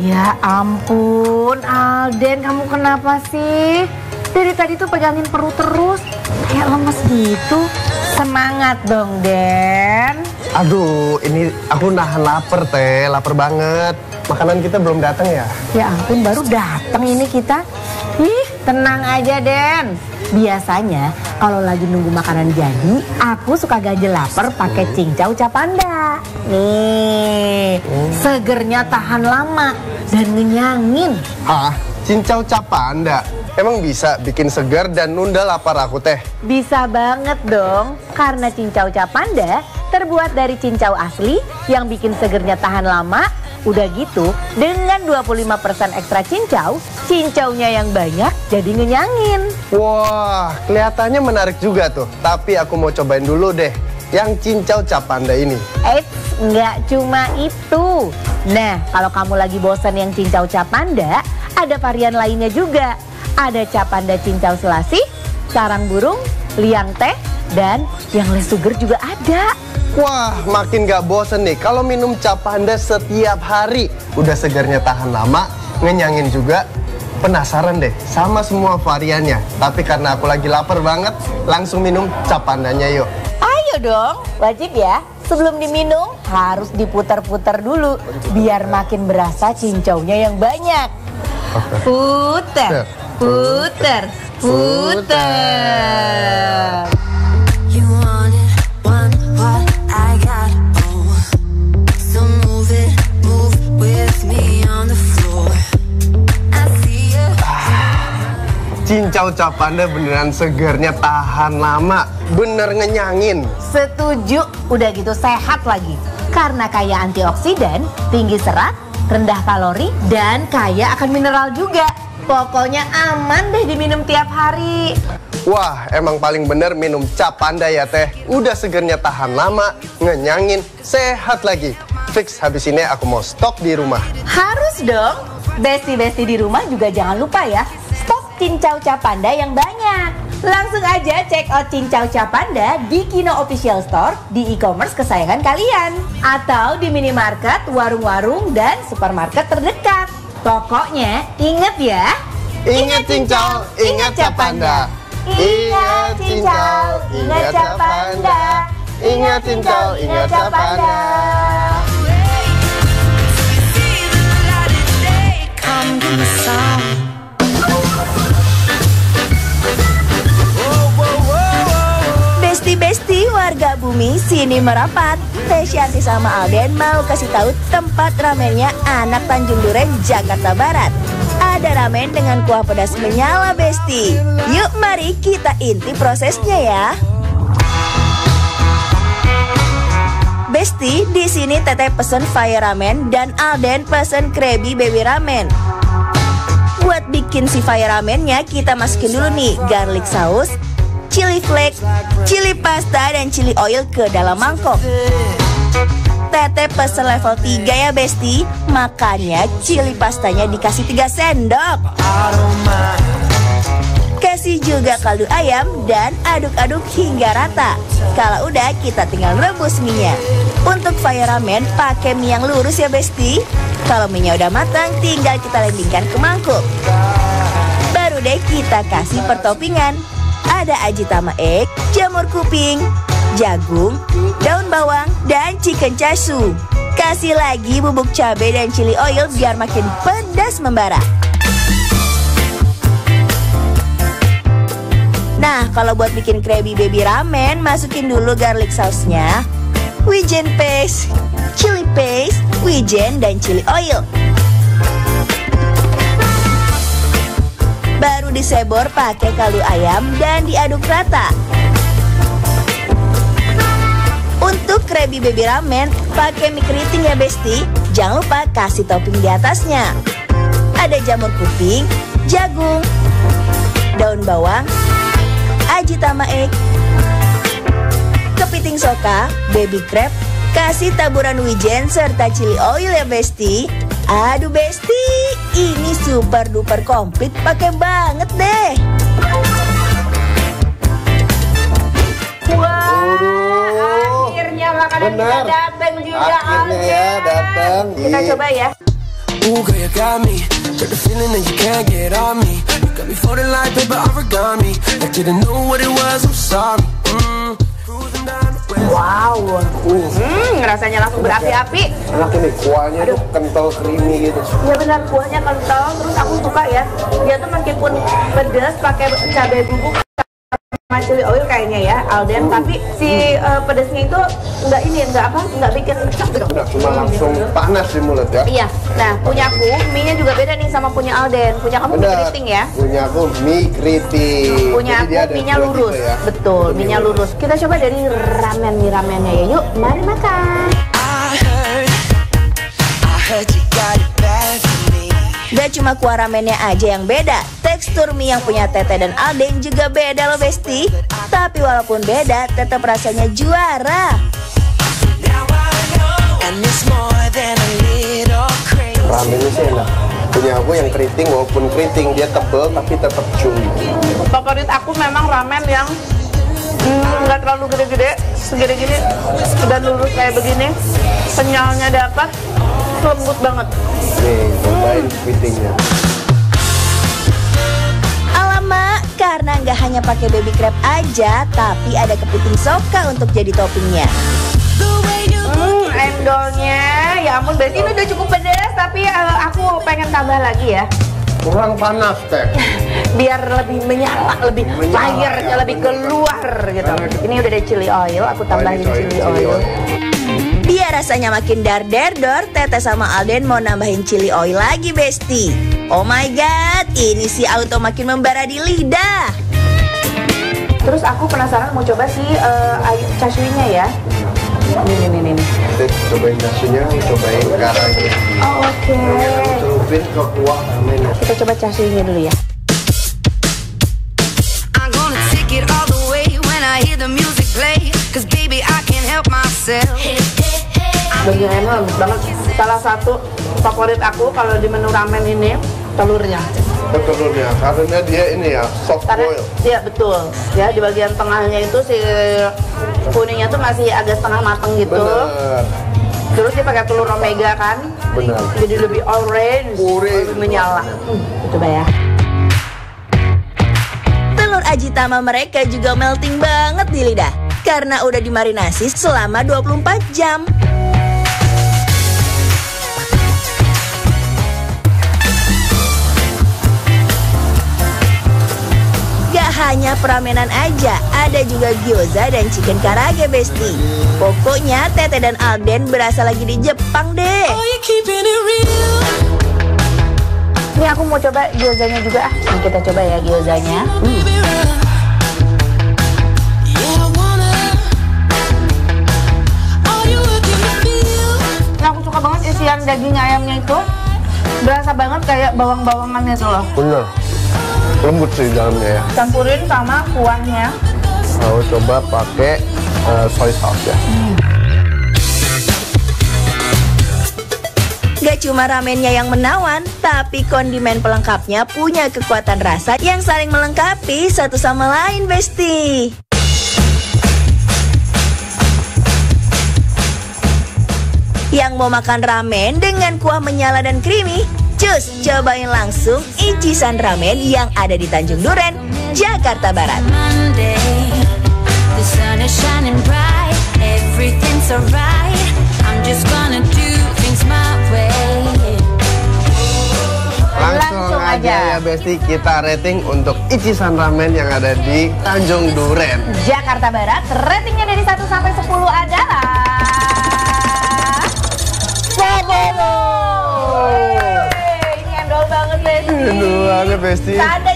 Ya ampun, Alden kamu kenapa sih? Dari tadi tuh pegangin perut terus, kayak lemes gitu. Semangat dong, Den. Aduh, ini aku nahan lapar, Teh. Lapar banget. Makanan kita belum datang ya? Ya ampun, baru datang ini kita. Ih, tenang aja, Den. Biasanya kalau lagi nunggu makanan jadi, aku suka ganjel lapar pakai cincau capanda. Nih, oh. segernya tahan lama dan ngenyangin. Hah? Cincau capanda? Emang bisa bikin segar dan nunda lapar aku teh? Bisa banget dong, karena cincau capanda terbuat dari cincau asli yang bikin segernya tahan lama Udah gitu, dengan 25% ekstra cincau, cincaunya yang banyak jadi ngenyangin. Wah, kelihatannya menarik juga tuh. Tapi aku mau cobain dulu deh yang cincau cap panda ini. eh nggak cuma itu. Nah, kalau kamu lagi bosan yang cincau cap panda, ada varian lainnya juga. Ada cap panda cincau selasih, sarang burung, liang teh, dan yang less sugar juga ada. Wah, makin gak bosen nih kalau minum cap panda setiap hari. Udah segarnya tahan lama, ngenyangin juga. Penasaran deh sama semua variannya. Tapi karena aku lagi lapar banget, langsung minum cap pandanya yuk. Ayo dong, wajib ya. Sebelum diminum harus diputar-putar dulu biar makin berasa cincaunya yang banyak. Puter, puter, puter. cincau cap Anda beneran segernya tahan lama, bener ngenyangin. Setuju, udah gitu sehat lagi. Karena kaya antioksidan, tinggi serat, rendah kalori, dan kaya akan mineral juga. Pokoknya aman deh diminum tiap hari. Wah, emang paling bener minum cap panda ya teh. Udah segernya tahan lama, ngenyangin, sehat lagi. Fix habis ini ya, aku mau stok di rumah. Harus dong. Besti-besti di rumah juga jangan lupa ya cincau Capanda yang banyak. Langsung aja check out cincau capanda di Kino Official Store di e-commerce kesayangan kalian atau di minimarket, warung-warung dan supermarket terdekat. Pokoknya inget ya. Ingat cincau, ingat Capanda, Ingat cincau, ingat Capanda, Ingat cincau, ingat Capanda. Come to the sun. Besti warga bumi sini merapat. Tesyanti sama Alden mau kasih tahu tempat ramennya anak Tanjung Duren Jakarta Barat. Ada ramen dengan kuah pedas menyala Besti. Yuk mari kita inti prosesnya ya. Besti, di sini Teteh pesen fire ramen dan Alden pesen Krabby Baby Ramen. Buat bikin si fire ramennya, kita masukin dulu nih garlic saus, chili flake, chili pasta, dan chili oil ke dalam mangkok. Tete pesen level 3 ya Besti, makanya chili pastanya dikasih 3 sendok. Kasih juga kaldu ayam dan aduk-aduk hingga rata. Kalau udah kita tinggal rebus minyak. Untuk fire ramen pakai mie yang lurus ya Besti. Kalau minyak udah matang tinggal kita lendingkan ke mangkuk. Baru deh kita kasih pertopingan. Ada ajitama egg, jamur kuping, jagung, daun bawang, dan chicken casu. Kasih lagi bubuk cabai dan chili oil biar makin pedas membara. Nah, kalau buat bikin Krabby Baby Ramen, masukin dulu garlic sausnya, wijen paste, chili paste, wijen, dan chili oil. Baru disebor pakai kaldu ayam dan diaduk rata. Untuk krebi baby ramen, pakai mie keriting ya Besti. Jangan lupa kasih topping di atasnya. Ada jamur kuping, jagung, daun bawang, ajitama egg, kepiting soka, baby crab, kasih taburan wijen serta chili oil ya Besti. Aduh Besti, ini super duper komplit pakai banget deh. Benar. akhirnya datang juga. Akhirnya ya datang. Kita iya. coba ya. Ooh, Wow, luar Hmm, rasanya langsung berapi-api. Enak ini kuahnya Aduh. tuh kental creamy gitu. Iya benar, kuahnya kental. Terus aku suka ya. Dia tuh meskipun pedas pakai cabai bubuk chili oil kayaknya ya Alden hmm. tapi si uh, pedasnya itu nggak ini nggak apa nggak bikin pecah gitu. nggak cuma hmm. langsung panas di mulut ya iya nah punya aku mie nya juga beda nih sama punya Alden punya kamu Bener. mie keriting ya punya aku mie keriting punya Jadi aku mie nya lurus ya. betul mie nya lurus kita coba dari ramen mie ramennya ya yuk mari makan I heard, I heard you got Gak cuma kuah ramennya aja yang beda, tekstur mie yang punya Tete dan Aldeng juga beda loh Besti. Tapi walaupun beda, tetap rasanya juara. Ramennya sih enak. Punya aku yang keriting walaupun keriting dia tebel tapi tetap chewy. Favorit aku memang ramen yang nggak terlalu gede-gede segede gini udah lurus kayak begini kenyalnya dapat lembut banget nih fittingnya Alamak, karena nggak hanya pakai baby crab aja, tapi ada kepiting soka untuk jadi toppingnya. Hmm, endolnya, ya ampun, berarti ini udah cukup pedas, tapi uh, aku pengen tambah lagi ya. Kurang panas, Teh. biar lebih menyala lebih layarnya lebih keluar gitu ini udah ada chili oil aku tambahin chili, oil, Biar rasanya makin dar dar dor, Tete sama Alden mau nambahin chili oil lagi, Besti. Oh my god, ini si auto makin membara di lidah. Terus aku penasaran mau coba si uh, ya. Ini nih nih nih. Kita cobain casuinya, cobain garanya. Oh, oke. Okay. Kita coba casuinya dulu ya. Bagi enak bagus banget. Salah satu favorit aku kalau di menu ramen ini telurnya. Telurnya, karena dia ini ya soft Karena, boil. Iya betul. Ya di bagian tengahnya itu si kuningnya tuh masih agak setengah mateng gitu. Bener. Terus dia pakai telur omega kan? Benar. Jadi lebih orange, lebih menyala. Hmm, coba ya. Telur ajitama mereka juga melting banget di lidah karena udah dimarinasi selama 24 jam. Gak hanya peramenan aja, ada juga gyoza dan chicken karage besti. Pokoknya Tete dan Alden berasa lagi di Jepang deh. Oh, Ini aku mau coba gyozanya juga ah. kita coba ya gyozanya. Hmm. isian daging ayamnya itu berasa banget kayak bawang-bawangannya tuh loh. Bener. Lembut sih dalamnya ya. Campurin sama kuahnya. Mau coba pakai uh, soy sauce ya. Hmm. Gak cuma ramennya yang menawan, tapi kondimen pelengkapnya punya kekuatan rasa yang saling melengkapi satu sama lain, Besti. Yang mau makan ramen dengan kuah menyala dan creamy, cus cobain langsung Ichisan Ramen yang ada di Tanjung Duren, Jakarta Barat. Langsung aja ya Besti kita rating untuk Ichisan Ramen yang ada di Tanjung Duren Jakarta Barat ratingnya dari 1 Messi. Tá, Cadê